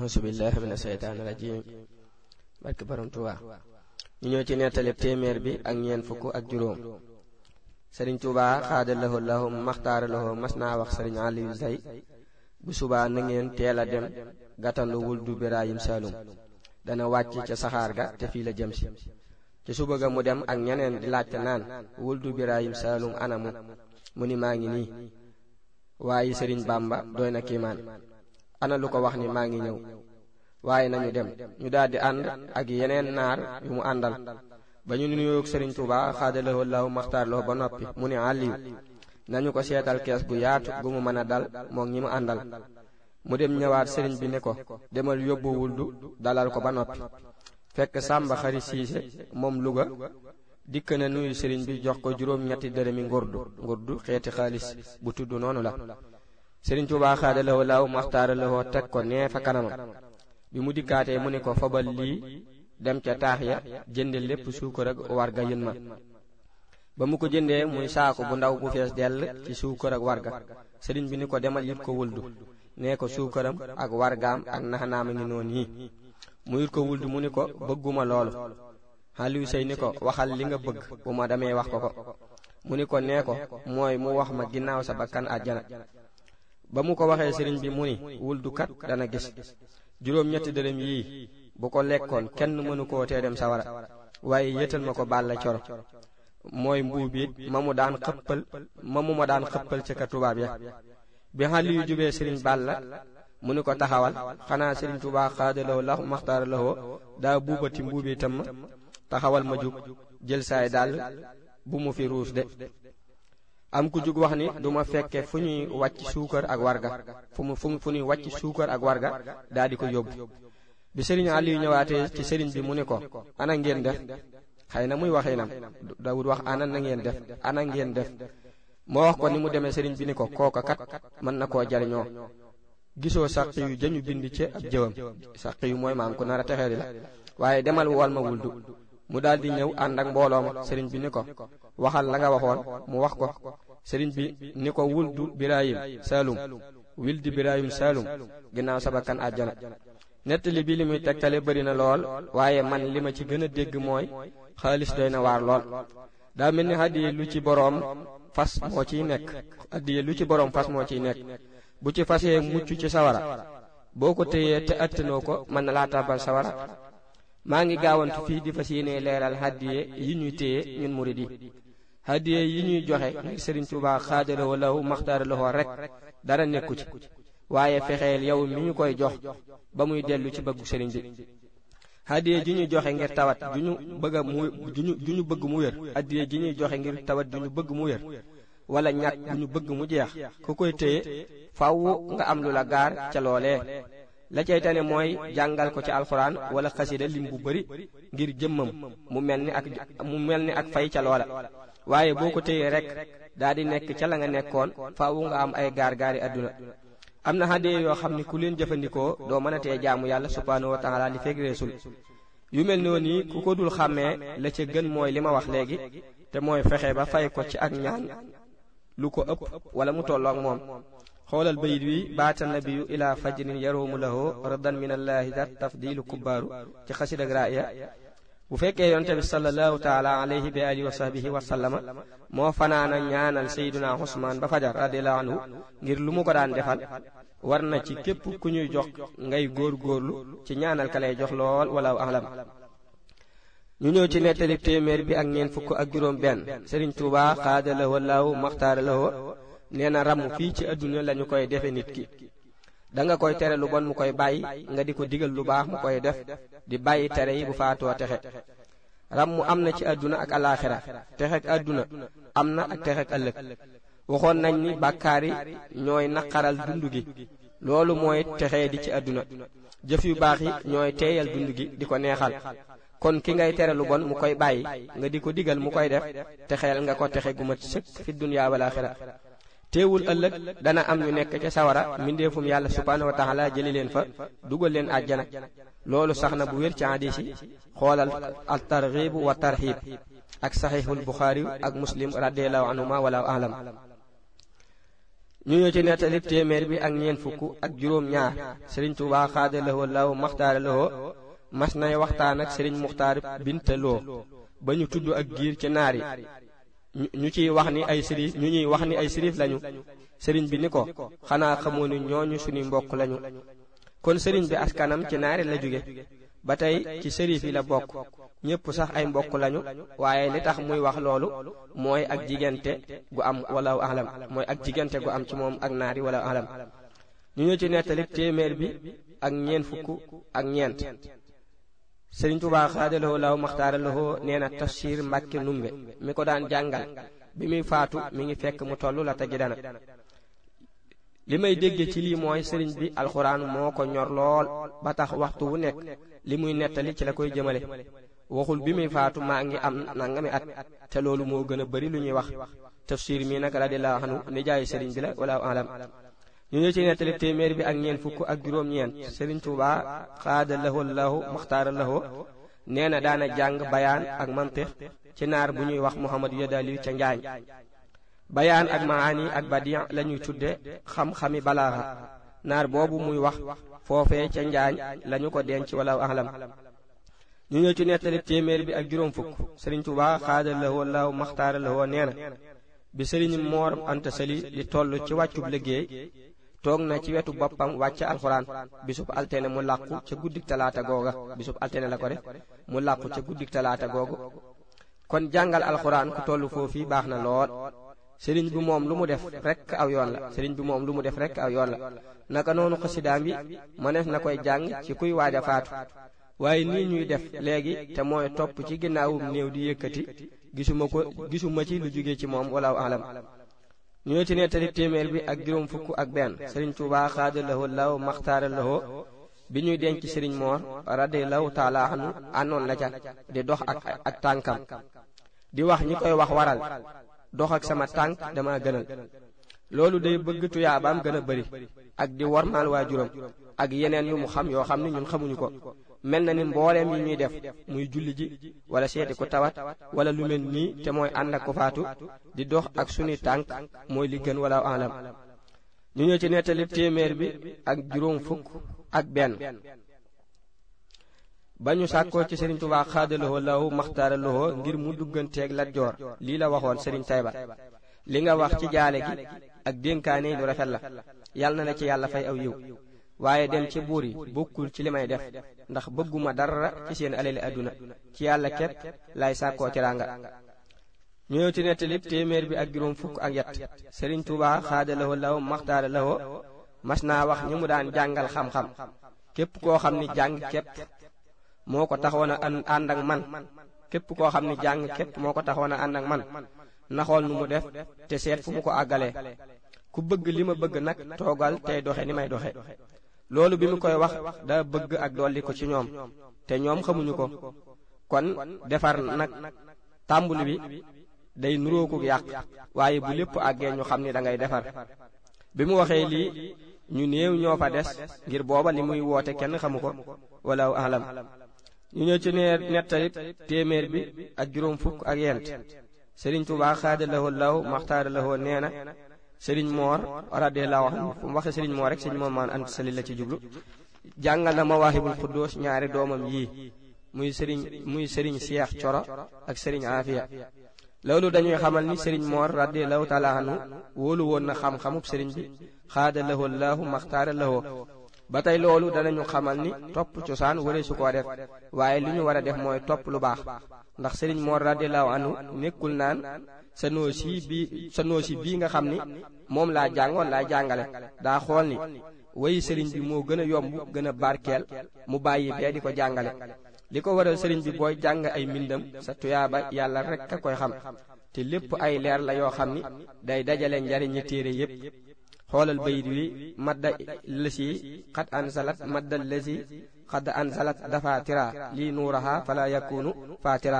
auzu billahi mina seytaani rajiim barke borom Tuubaa ñu ñëw ci nettali téeméer bi ak ñeent fukk ak juróom sëriñ Tuubaa xaada lahu lahu maxtaara mas naa wax sëriñ Aliou Zey bu subaa na ngeen teel a dem gàttandu wuldu Birahim Saloum dana wàcc ca saxaar ga te fii la jëm si ci suba ga mu dem ak ñeneen di laajte naan wuldu Birahim Saloum anamu mu ni maa ngi nii waaye sëriñ Bamba doy na kiimaan ana lu ko wax ni maa ngi ñëw waaye nañu dem ñu daal di ànd ak yeneen naar yu mu àndal ba ñu nuyoog Sëriñ Tuubaa xaadalahoo lahu maxtaar loo ba noppi mu ne àlliw nañu ko seetal kees gu yaatu gu mu mën a dal moom ñi mu àndal mu dem ñëwaat sëriñ bi ne ko demal yóbbu du dalal ko ba noppi fekk Sàmba Xari Siise moom Luga dikk na nuyu sëriñ bi jox ko juróom ñetti dërëmi ngurdu ngurdu xeeti xaalis bu tudd noonu la Sëriñ Tuubaa xaada la woo laaw maxtaara la woo teg ko nee fa kanamam bi mu dikkaatee mu ne ko fabal lii dem ca taax ya jënde lépp suukar ak warga yën ma ba mu ko jëndee muy saako bu ndaw bu fees dell ci suukar ak warga sëriñ bi ni ko demal yit ko wuldu nee ko suukaram ak wargaam ak naxanaam a ngi noonu yi mu yit ko wuldu mu ni ko bëgguma loolu Aliou Sey ni ko waxal li nga bëgg bu ma demee wax ko ko mu ni ko nee ko mooy mu wax ma ginnaaw sa bakkan àjjana ba mu ko waxee sëriñ bi mu ni wuldukat dana gis juróom-ñetti dërëm yii bu ko lekkoon kenn mënu ko tee dem sawara waaye yëtal ma ko bàlla coro mooy mbuubiit ma mu daan xëppal ma mu ma daan xëppal ca ka tubaab ya bi xàll yu jubee sëriñ bàlla mu ni ko taxawal xanaa sëriñ tubaa xaadaloo la maxtaara lawoo daa buubati mbuubiitam ma taxawal ma jug jël saay dàll bu mu fi ruus de am ku jug wax ni du ma fekke fu ñuy wàcc suukar ak warga fu mu fu ñuy wàcc suukar ak warga daal di ko yóbbu bi sëriñ Aliou ñëwaatee ci sëriñ bi mu ni ko ana ngeen def xëy na muy waxinam dawud wax ana na ngeen def ana ngeen def moo wax ko ni mu demee sëriñ bi ni ko kooka kat mën na koo jariñoo gisoo sàq yu jañu bind ci ab jëwam sàq yu mooy maam ku nar a texeeri la waaye demal wal wuldu mu daal di ñëw ànd ak mbooloo ma sëriñ bi ni ko waxal la nga waxoon mu wax ko sëriñ bi ni ko wuldu birayim saalum wildi birayim saalum ginnaaw sabakan àjjana nettali bi li muy tegtale bëri na lool waaye man li ma ci gën a dégg mooy xaalis doy na waar lool daa mel ni hadiye lu ci boroom fas moo ciy nekk hadiye lu ci boroom fas moo ciy nekk bu ci fasee mucc ci sawara boo ko téyee te attanoo ko mën na laa tàbbal sawara maa ngi gaawantu fii di fas yéene leeral hadiye yi ñuy téye ñun murid yi hadiye yi ñuy joxe ngir Serigne Touba xaajalawo law maxtaara loxoo rek dara nekku ci waaye fexeel yow mi ñu koy jox ba muy dellu ci bëggu sëriñ bi hadiye ji ñuy joxe ngir tawat ju ñu bëgg mu juñu ju ñu bëgg mu wér hadiye ji ñuy joxe ngir tawat ju ñu bëgg mu wér wala ñàkk bu ñu bëgg mu jeex ku koy téye faaw nga am lu la gaar ca loolee la cay tane mooy jàngal ko ci alxuraan wala xasida lim bu bari ngir jëmmam mu mel ni ak mu mel ni ak fay ca loola waaye boo ko téyee rek daa di nekk ca la nga nekkoon faawu nga am ay gaar-gaari adduna am na hadiya yoo xam ni ku leen jëfandikoo doo mënatee jaamu yàlla subhaanahu wa taala li fekk reesul yu mel noonu yi ku ko dul xàmmee la ca gën mooy li ma wax léegi te mooy fexe ba fay ko ci ak ñaan lu ko ëpp wala mu tolloog moom xoolal bayit wi baata nabiyu ilaa fajrin yaroomu lahoo radan min allaahi dat tafdilu kubbaaru ci xasidak raaya bu fekkee yonte bi sallallahu taala alayhi bi alihi wa sahbihi wa sallama moo fanaana ñaanal sayduna usmaan ba fajar radiallahu anhu ngir lu mu ko daan defal war na ci képp ku ñuy jox ngay góor góorlu ci ñaanal ka jox lool walaaw alam ñu ñëw ci nettali téeméer bi ak ñeent fukk ak juróom benn sëriñ tuuba xaada lahoo laaw maxtaara lahoo nee na ramu fii ci adduna lañu koy defe nit ki da nga koy tere lu bon mu koy bàyyi nga di ko digal lu baax mu koy def di bàyyi tere yi bu faatoo texe ram mu am na ci àdduna ak alaaxira texek àdduna am na ak texe texek ëllëg waxoon nañ ni bàkkaar yi ñooy naqaral dund gi loolu mooy texe di ci àdduna jëf yu baax yi ñooy teeyal dund gi di ko neexal kon ki ngay tere lu bon mu koy bàyyi nga di ko digal mu koy def texeel nga ko texe gu mat sëkk fi dunya wal aaxira teewul ëllëg dana am ñu nekk ca sawara mbindeefum yàlla subhaanahu wa leen fa dugal leen àjjana loolu sax na bu wér ci hadiis yi xoolal al targhib wa tarhib ak saxiixul buxaari ak muslim radiallahu anhuma wala alam ñu ñëw ci nettalib téeméer bi ak ñeent fukk ak juróom ñaar sëriñ Tuubaa xaadalawoo law maxtaara lawoo mas waxtaan ak sëriñ muxtaar bintaloo ba ñu tudd ak giir ci naar yi ñu ciy wax ni ay sirif ñu ñuy wax ni ay sirif lañu sëriñ bi ni ko xanaa xamoo ni ñooñu suñu mbokk lañu kon sëriñ bi askanam ci naare la jóge ba tey ci sërif yi la bokk ñépp sax ay mbokk lañu waaye li tax muy wax loolu mooy ak jigante gu am wala alam mooy ak jigante gu am ci moom ak naari wala alam ñu ñu ci nettali téeméer bi ak ñeent fukk ak ñeent sëriñ Tuubaa xaadalahoo la maxtaaralahoo nee na Tafsir Mbàkke Numbe mi ko daan jàngal bi muy faatu mi ngi fekk mu toll la tegi dana li may dégge ci lii mooy sëriñ bi alxuraan moo ko ñor lool ba tax waxtu wu nekk li muy nettali ci la koy jëmale waxul bi muy faatu maa ngi am nangami at te loolu moo gën a bari lu ñuy wax tafsir mi nag radiyallahu anhu nijaay sëriñ bi la wala alam ñu ñëw ci nettali téeméer bi ak ñeent fukk ak juróom-ñeent Serigne Touba xaada lahu lahu maxtaara lahu nee na daana jàng bayaan ak mantiq ci naar bu ñuy wax Muhammad Yadali ca Njaañ bayaan ak maani ak la ñuy tudde xam-xami balaaxa naar boobu muy wax foofee ca Njaañ lañu ko denc wala ahlam ñu ñëw ci nettali téeméer bi ak juróom fukk Serigne Touba xaada lahu lahu maxtaara lahu nee na bi Serigne Mor Anta Sali toll ci wàccub liggéey toog na ci wetu boppam wàcc alxuraan bisub altene mu làqu ca guddik talaata googa bisub altene la ko def mu làqu ca guddik talaata googu kon jàngal alxuraan ku tollu foofu baax na lool sëriñ bi moom lu mu def rekk aw yoon la sëriñ bi moom lu mu def rekk aw yoon la naka noonu xasidaam bi mëneef na koy jàng ci kuy waaja a faatu waaye nii ñuy def léegi te mooy topp ci ginnaawum néew di yëkkati gisuma ko gisuma ci lu jóge ci moom wala alam ñoo ci nettali téeméer bi ak juróom fukk ak benn sëriñ Tuubaa xaadalawoo law maxtaaralawoo bi ñuy denc sëriñ moor radiyallahu taala anhu àndoon la ca di dox ak ak tànkam di wax ñi koy wax waral dox ak sama tànk dama gënal loolu day bëgg tuyaabaam gën a bari ak di wormaal waajuram ak yeneen yu mu xam yoo xam ne ñun xamuñu ko mel na ni mbooleem yi ñuy def muy julli ji wala seeti ku tawat wala lu mel nii te mooy ànd ak ku faatu di dox ak sunuy tànk mooy li gën wala alam ñu ñëw ci nettali téeméer bi ak juróom fukk ak benn ba ñu sàkkoo ci sëriñ Tuubaa xaadalowoo law maxtaaralowoo ngir mu dugganteeg Lat Joor lii la waxoon sëriñ Tayba li nga wax ci jaale gi ak dénkaane yi lu rafet la yàlla na la ci yàlla fay aw yiw waaye dem ci buur yi bokkul ci li may def ndax bëgguma dara ci seen alali àdduna ci yàlla képp lay sàkkoo teraanga ñu ti ci nettalib téeméer bi ak juróom fukk ak yat Serigne Touba xaada lawo law maxtaara lawo mas naa wax ñu mu daan jàngal xam-xam képp koo xam ni jàng képp moo ko taxoon a ànd ak man képp koo xam ni jàng képp moo ko taxoon a ànd ak man na xool nu mu def te seet fu mu ko àggalee ku bëgg li ma bëgg nag toogal tey doxe ni may doxe loolu bi mu koy wax daa bëgg ak dolli ko ci ñoom te ñoom xamuñu ko kon defar nag tàmbuli bi day nuroo ko yàq waaye bu lépp àggee ñu xam ni da ngay defar bi mu waxee lii ñu néew ñoo fa des ngir booba li muy woote kenn xamu ko wala alam ñu ñëw ci nee nettalit téeméer bi ak juróom fukk ak yent Sëriñ Tuubaa xaadalawoo law maxtaaralawoo nee na Serigne Mor radiyallahu anhu fu mu waxee Serigne Mor rek Serigne Mor maan ant sali la ci jublu jàngal na Mawaahibul Quddus ñaari doomam yii muy Serigne muy Serigne Cheikh Coro ak Serigne Afia loolu dañuy xamal ni Serigne Mor radiyallahu taala anhu wóolu woon na xam-xamub Serigne bi xaada lahu allahu maxtaara lahu ba tey loolu danañu xamal ni topp cosaan wala su ko def waaye li ñu war a def mooy topp lu baax ndax sëriñ Mor radiyallahu anhu nekkul naan sa noosi bi sa noosi bii nga xam ni moom laa jàngoon laa jàngale daa xool ni wayi sëriñ bi moo gën a yomb gën a barkeel mu bàyyi bee di ko jàngale li ko waral sëriñ bi booy jàng ay mbindam sa tuyaaba yàlla rekk a koy xam te lépp ay leer la yoo xam ni day dajale njariñi téere yépp xoolal bayit wi madda lësi xad ansalat madda lësi xad ansalat dafa tira lii nuuraha fala yakunu fatira